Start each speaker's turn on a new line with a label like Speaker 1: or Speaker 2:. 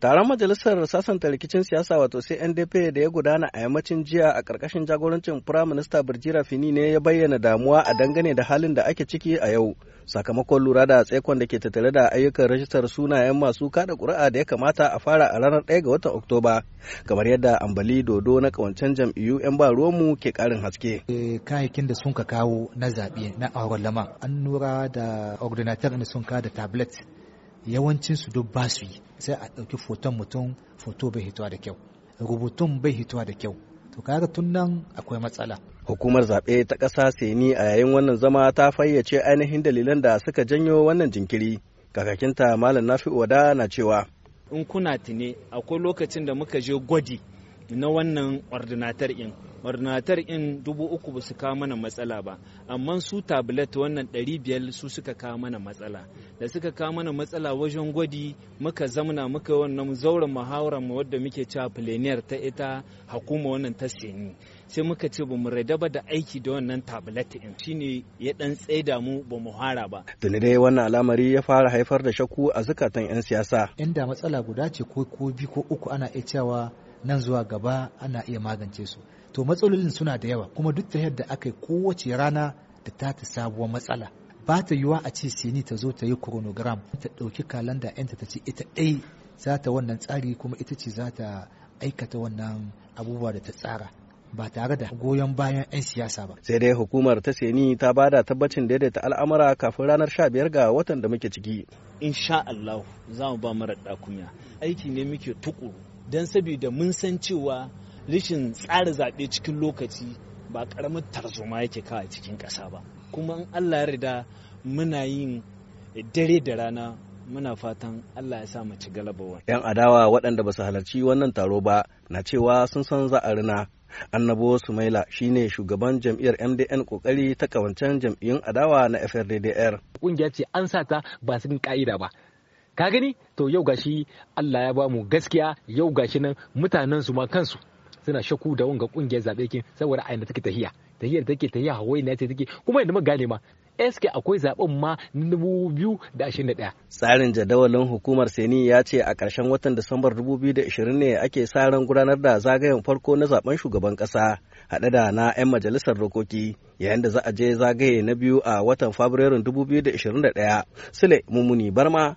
Speaker 1: Taron majalisar sasanta rikicin siyasa wato CNDP da ya gudana a yammacin jiya a ƙarƙashin jagorancin Firaminista Birjira Fini ne ya bayyana damuwa a dangane da halin da ake ciki a yau. Sakamakon lura da tsaikon da ke tattare da ayyukan rajistar sunayen masu kada ƙuri'a da ya kamata a fara a ranar ɗaya ga watan Oktoba, kamar yadda Ambali Dodo na kawancen jam'iyyu 'yan ba ruwanmu ke ƙarin haske. E, kayayyakin da sun ka kawo
Speaker 2: na zaɓe na auren lama an nura da ordinator sun ka da tablet yawancin su duk ba su yi sai a ɗauki foton mutum foto bai hitowa da kyau rubutun bai hitowa da kyau to kaga tun nan akwai matsala
Speaker 1: hukumar zaɓe ta ƙasa seni a yayin wannan zama ta fayyace ainihin dalilan da suka janyo wannan jinkiri kakakinta malam nafi wada na cewa
Speaker 3: in kuna tune akwai lokacin da muka je gwadi na wannan ordinatar in ordinatar in dubu uku ba su kawo mana matsala ba amma su tablet wannan ɗari biyar su suka kawo mana matsala da suka kawo mana matsala wajen gwadi muka zamuna muka yi wannan zauren muhawarar mu wadda muke cewa pleniyar ta ita hukuma wannan ta sani sai muka ce ba mu ba da aiki da wannan tablet din shine ya dan tsaida mu ba mu hara ba
Speaker 1: ne dai wannan al'amari ya fara haifar da shakku a zukatan yan siyasa
Speaker 2: inda matsala guda ce ko ko bi ko uku ana iya cewa nan zuwa gaba ana iya magance su to matsalolin suna da yawa kuma duk ta yadda aka yi kowace rana da ta ta sabuwar matsala ba ta yiwa a ce sini ta zo ta yi chronogram ta ɗauki kalanda yanta ta ce ita ɗai za ta wannan tsari kuma ita ce za ta aikata wannan abubuwa da ta tsara ba tare da goyon bayan 'yan siyasa ba.
Speaker 1: Sai dai hukumar ta Sini ta bada tabbacin daidaita al'amura kafin ranar sha 15 ga watan da muke ciki.
Speaker 3: Insha Allah za mu ba mara ɗakunya. Aiki ne muke tukuru don saboda mun san cewa rashin tsara zaɓe cikin lokaci ba ƙaramin tarzoma yake kawo cikin ƙasa ba kuma in allah ya rida muna yin dare da rana muna fatan allah ya sa mu ci galaba
Speaker 1: yan adawa waɗanda ba su halarci wannan taro ba na cewa sun san za a rina annabo sumaila shine shugaban jam'iyyar mdn kokari ta kawancen jam'iyyun adawa na frddr ƙungiya ce an sa ta ba sun ka'ida ba ka gani to yau
Speaker 3: gashi Allah ya bamu gaskiya yau gashi nan mutanen su ma kansu suna shaku da wanga kungiyar zabe kin saboda a take tahiya tahiyar take tahiya hawai na ce take kuma yadda mun gane ma SK akwai zaben ma na 2021.
Speaker 1: Tsarin jadawalin hukumar Seni ya ce a ƙarshen watan Disambar 2020 ne ake sa ran gudanar da zagayen farko na zaben shugaban ƙasa haɗe da na 'yan majalisar dokoki yayin da za a je zagaye na biyu a watan Fabrairun 2021. Sule Mumuni Barma